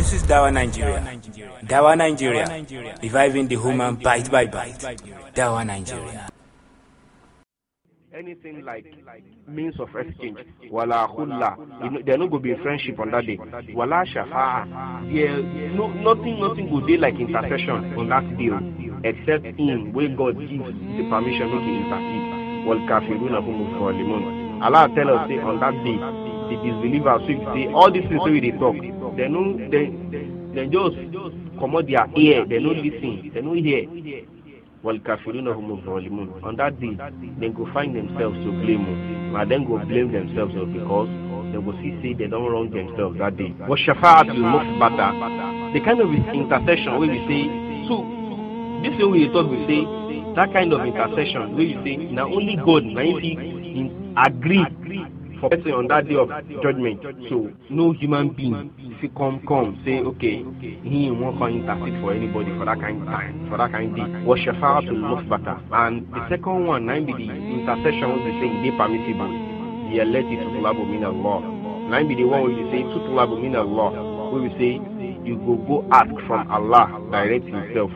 This is Dawa Nigeria. Dawa Nigeria. Reviving the human bite by bite. Dawa Nigeria. Anything like means of exchange, wala hulla, you know, they're not be friendship on that day. Wala shafa'a, yeah, no, nothing, nothing will be like intercession on that day, oh. except in where God gives the permission to intercede. Wal kafiruna humu Allah tell us say on that day, the disbelievers will say all these things we they talk. they no they they just comot their ear they no lis ten they no hear walikafiruna humu zolimun on that day dem go find themselves to blame o na dem go blame themselves o because dem go see say dem don wrong themselves that day. washafaatul musbata the kind of intercession wey we say so this way we dey talk we say that kind of intercession wey you say na only God na him fit agree for person on that day of judgement so no human being still come come say okay he won't come intercede for anybody for that kind of time for that kind of deed to look better. and the second one nine be the intercession wey be say e dey permissible the elect is tutulabu min allah nine be the one wey be say tutulabu min allah We be say you go go ask from allah direct himself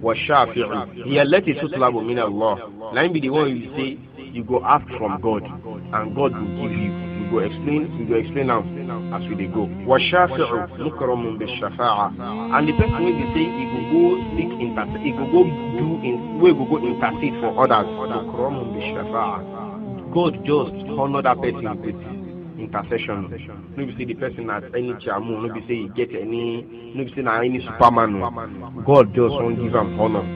Wash was shafi'u the elect is tutulabu min allah nine be the one we say you go ask from god and god will give you go explain we go explain now as we dey go washafi'u mukramun bi shafa'a and the person wey be say e go go seek intercede e go go do in We go go intercede for others mukramun bi shafa'a god just honour that person with intercession no be say the person has any chairman no be say he get any no be say na any superman god just wan give him honour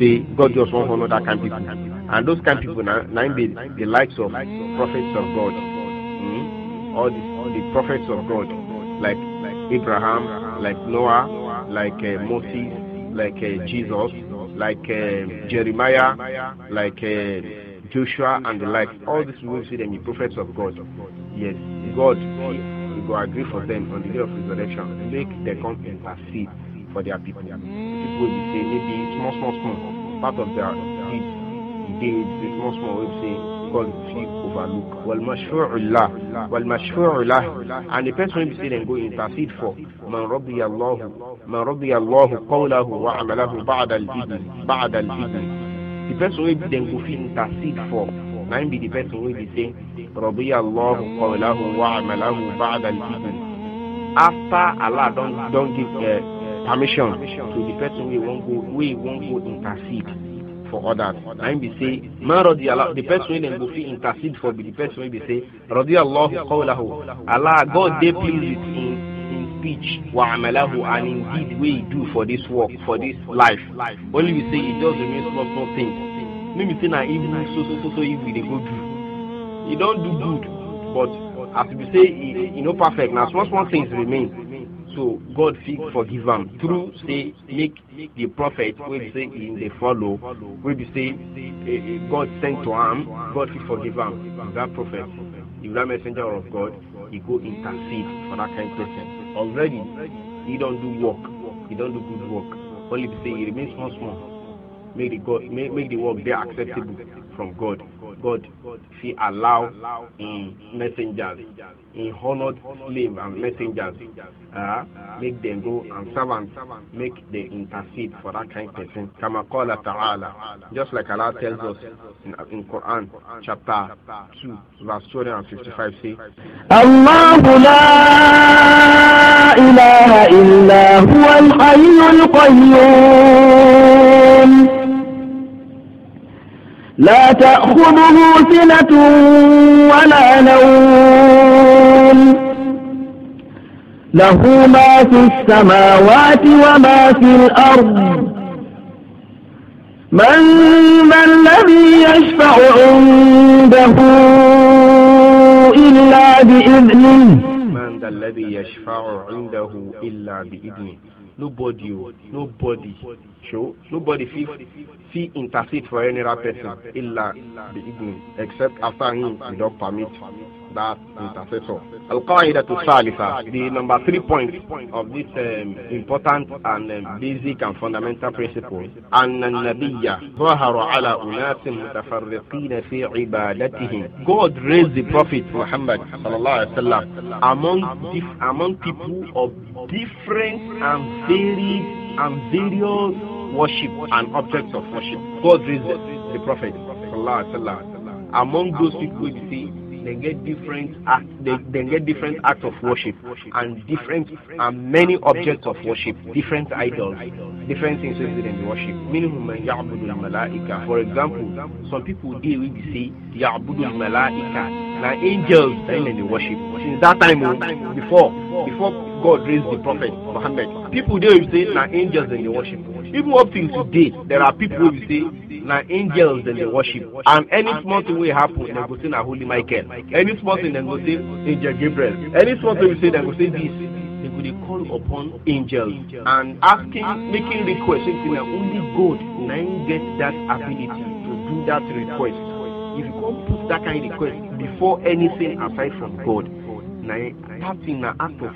See, god just wan honour that kind of people and those kind of people now, na be the likes of prophets of god hmm all, the, all the prophets of God, like like Abraham, like Noah, like uh, Moses, like uh, Jesus, like uh, Jeremiah, like uh, Joshua, and the like. All these we see them the prophets of God. Yes, God, will go agree for them on the day of resurrection. Make the content intercede for their people. People will say maybe small, small, small part of their deeds, It's small, small. We say called to overlook. Wal mashfu'ullah. Wal mashfu'ullah. And the person will say then go intercede for. Man rabbi Allah. Man rabbi Allah qawlahu wa amalahu ba'da al-bidn. Ba'da al-bidn. The person will then go intercede for. Now be the person will be saying, Rabbi Allah qawlahu wa amalahu ba'da al-bidn. After Allah don't, don't give uh, permission to the person we won't go, we won't go intercede for others na him be say man rodi allah the person wey dem go fit intercede for be the person wey be say rodi allah qawlahu allah god dey pleased with him him speech wa amalahu and him deed wey he do for this work for this life only be say e just remain small small things. no be say na even so so so so evil dey go do e don do good but as e be say e no perfect na small small things remain. So God fit forgive them through say make the prophet will be say in the follow will be say eh, eh, God send to him God fit forgive am that prophet if that messenger of God he go intercede for that kind person already he don't do work he don't do good work only be say he remains small small make the God make, make the work be acceptable from God. God, He allow in messengers, in honored slave and messengers, uh, make them go and servants, make them intercede for that kind of person. Kama qala ta'ala. Just like Allah tells us in, in Quran chapter 2, verse 255 say, Allahu la ilaha illa huwa al-hayyul qayyum. لا تأخذه سنة ولا نوم له ما في السماوات وما في الأرض من ذا الذي يشفع عنده إلا بإذنه من ذا الذي يشفع عنده إلا بإذنه nobody o nobody show nobody fit fit intercede for any other person illa the idun except after him he don permit. that intercessor. Al-Qaeda to Salifa, the number three point of this um, important and um, basic and fundamental principle. أن النبي ظهر على أناس متفرقين fi ibadatihim. God raised the Prophet Muhammad sallallahu alaihi wasallam among among people of different and varied and various worship and objects of worship. God raised the Prophet sallallahu alaihi wasallam among those people we see they get different act, they, they get different act of worship and different and many objects of worship, different idols, different things wey dem worship. Minhum man ya'budu For example, some people dey wey be say ya'budu al-mala'ika na angels na dem worship. Since that time oh, before before God raised the prophet Muhammad. People there will say, now angels and they worship. Even up till today, there are people who say, now angels and they worship. And any small thing will happen, they go say, now Holy Michael. Any small thing, they go say, Angel Gabriel. Any small thing will say, they go say this. They will call upon angels and asking, making requests. Only God can get that ability to do that request. If you can't put that kind of request before anything aside from God, now that thing, an act of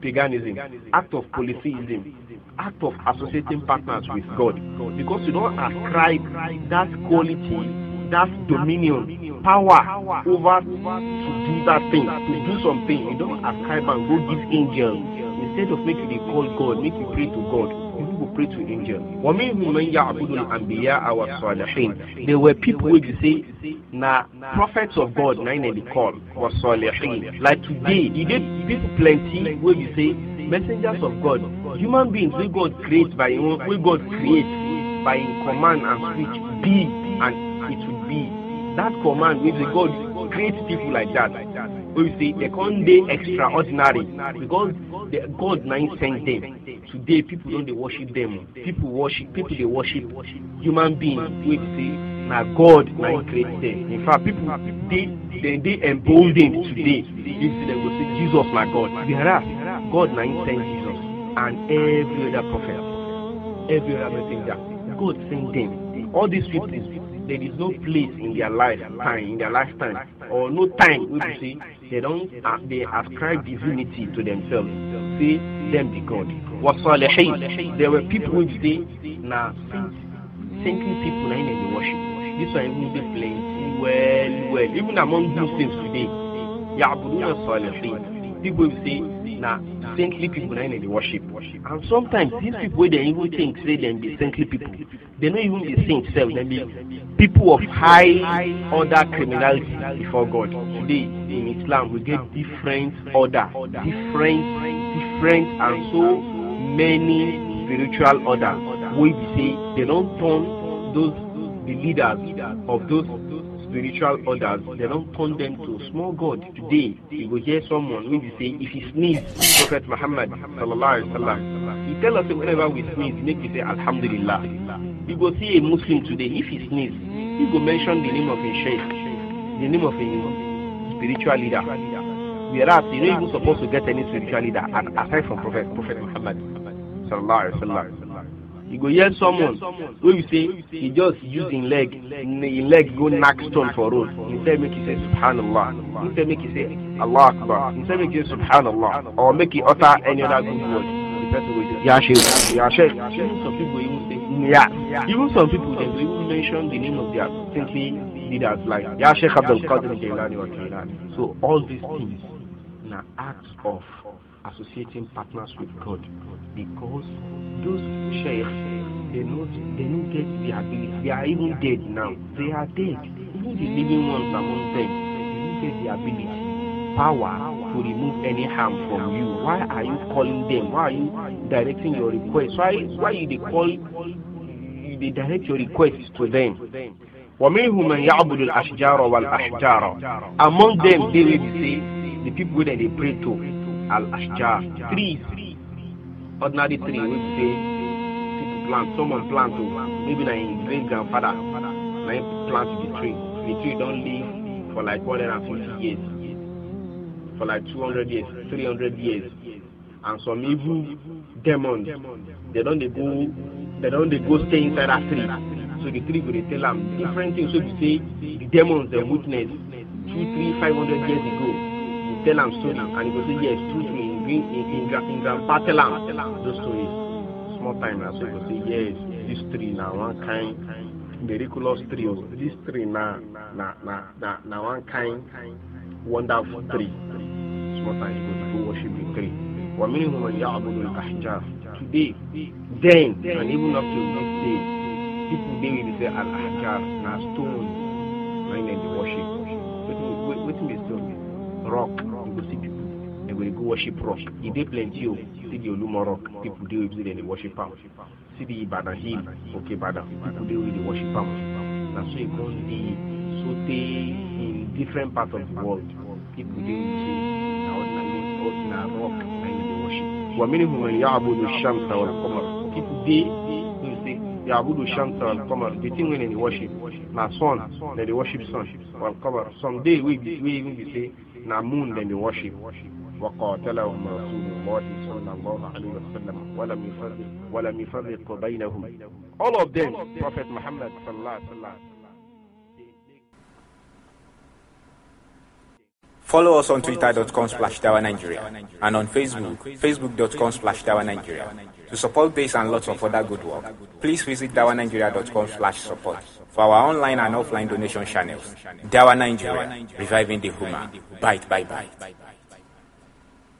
paganism, act of polytheism, act of associating partners with God. Because you don't ascribe that quality, that dominion, power over to do that thing, to do something. You don't ascribe and go give angels. Instead of making you call God, make you pray to God pray to angels. وَمِنْهُمْ مَنْ يَعْبُدُ الْأَنْبِيَاءَ وَالصَّالِحِينَ They were people who you say, na prophets of God, na in the call, وَالصَّالِحِينَ Like today, you did people plenty where you say, messengers of God, human beings we God create by we God create by command and speech, be and it will be. That command, with God create people like that. Like that. But you see, they can't be extraordinary because God nine sent them. Today, people don't they worship them. People worship, people they worship human beings. We see, now God nine created them. In fact, people they they, they emboldened today. If they go say Jesus, my God, whereas God nine sent Jesus and every other prophet, every other messenger. God sent them. All these people there is no place in their life time in their lifetime or no time we be say they don uh, they ascribe divinity to themselves say them be god wasalehi there were people wey be say na saintly people na im dem worship this one even dey plenty well well even among muslims today yabuduna salihin people will say na saintly people are in the worship and sometimes these people they even think say dem be saintly people don't even be saints sef be people of high order criminality before god today in islam we get different order different different and so many spiritual order. We be say don't turn those the leaders of those spiritual orders, they don't turn them to small god. Today, you will hear someone when you say, if he sneezes, Prophet Muhammad sallallahu alaihi wasallam, he tell us that whenever we sneeze, make we say Alhamdulillah. You go see a Muslim today, if he sneezes, he go mention the name of a sheikh, the name of a spiritual leader. Whereas you're not even supposed to get any spiritual leader, aside from Prophet Prophet Muhammad sallallahu alaihi wasallam you go hear someone wey you say he just use him leg him leg go knack stone for road say make he say subhanallah say make he say allah akbar say make he say subhanallah or make he utter any other good word the person go say yashe yashe some even even some people dem go even mention the name of their saintly leaders like yashe abdul qadir jailani or jailani so all these things na acts of associating partners with god because those. Sheikh, they not they don't get their ability. They are even dead now. They are dead. Who the living ones among them, they don't get the ability, Power to remove any harm from you. Why are you calling them? Why are you directing your request? Why why you they call you they direct your request to them? ومنهم من يعبد الأشجار والأحجار among them they will say the people that they pray to al-ashjar trees ordinary tree will say plant someone plant o oh, maybe na him great grandfather na him plant the tree the tree don live for like one hundred and fifty years for like two hundred years three hundred years and some evil demons they don dey go they don dey go stay inside that tree so the tree go dey tell am different things so be say the demons dem witness two three five hundred years ago he tell am story and he go say yes true true him green him him grandpa tell am those stories. Small time na so you go say yes this tree na one kind miraculous tree o this tree na na na na na one kind wonderful tree small time you go go worship the tree ومنهم من يعبد الأحجار today then and even up to next day people dey wey be say al-ahjar na stone na im dem dey worship wetin be stone rock worship rock e dey plenty o oh. see the olumo rock people dey wey dey worship am see the ibadan hill oke ibadan people dey wey dey worship am na so e come dey so tey in different parts of the world people dey wey say na ordinary na rock na im dey worship. ومنهم من يعبد الشمس والقمر people dey wey say يعبد الشمس والقمر the thing wey dem dey worship na sun dem dey worship sun والقمر some day wey be wey even be say na moon dem dey worship رسول الله صلى الله عليه وسلم ولم يفرق ولم يفرق بينهم all of them Prophet Muhammad صلى الله عليه وسلم Follow us on twitter.com slash dawa Nigeria and on Facebook, facebook.com slash dawa Nigeria. To support this and lots of other good work, please visit dawanigeria.com slash support for our online and offline donation channels. Dawa Nigeria, reviving the human. Bite, bye, bye.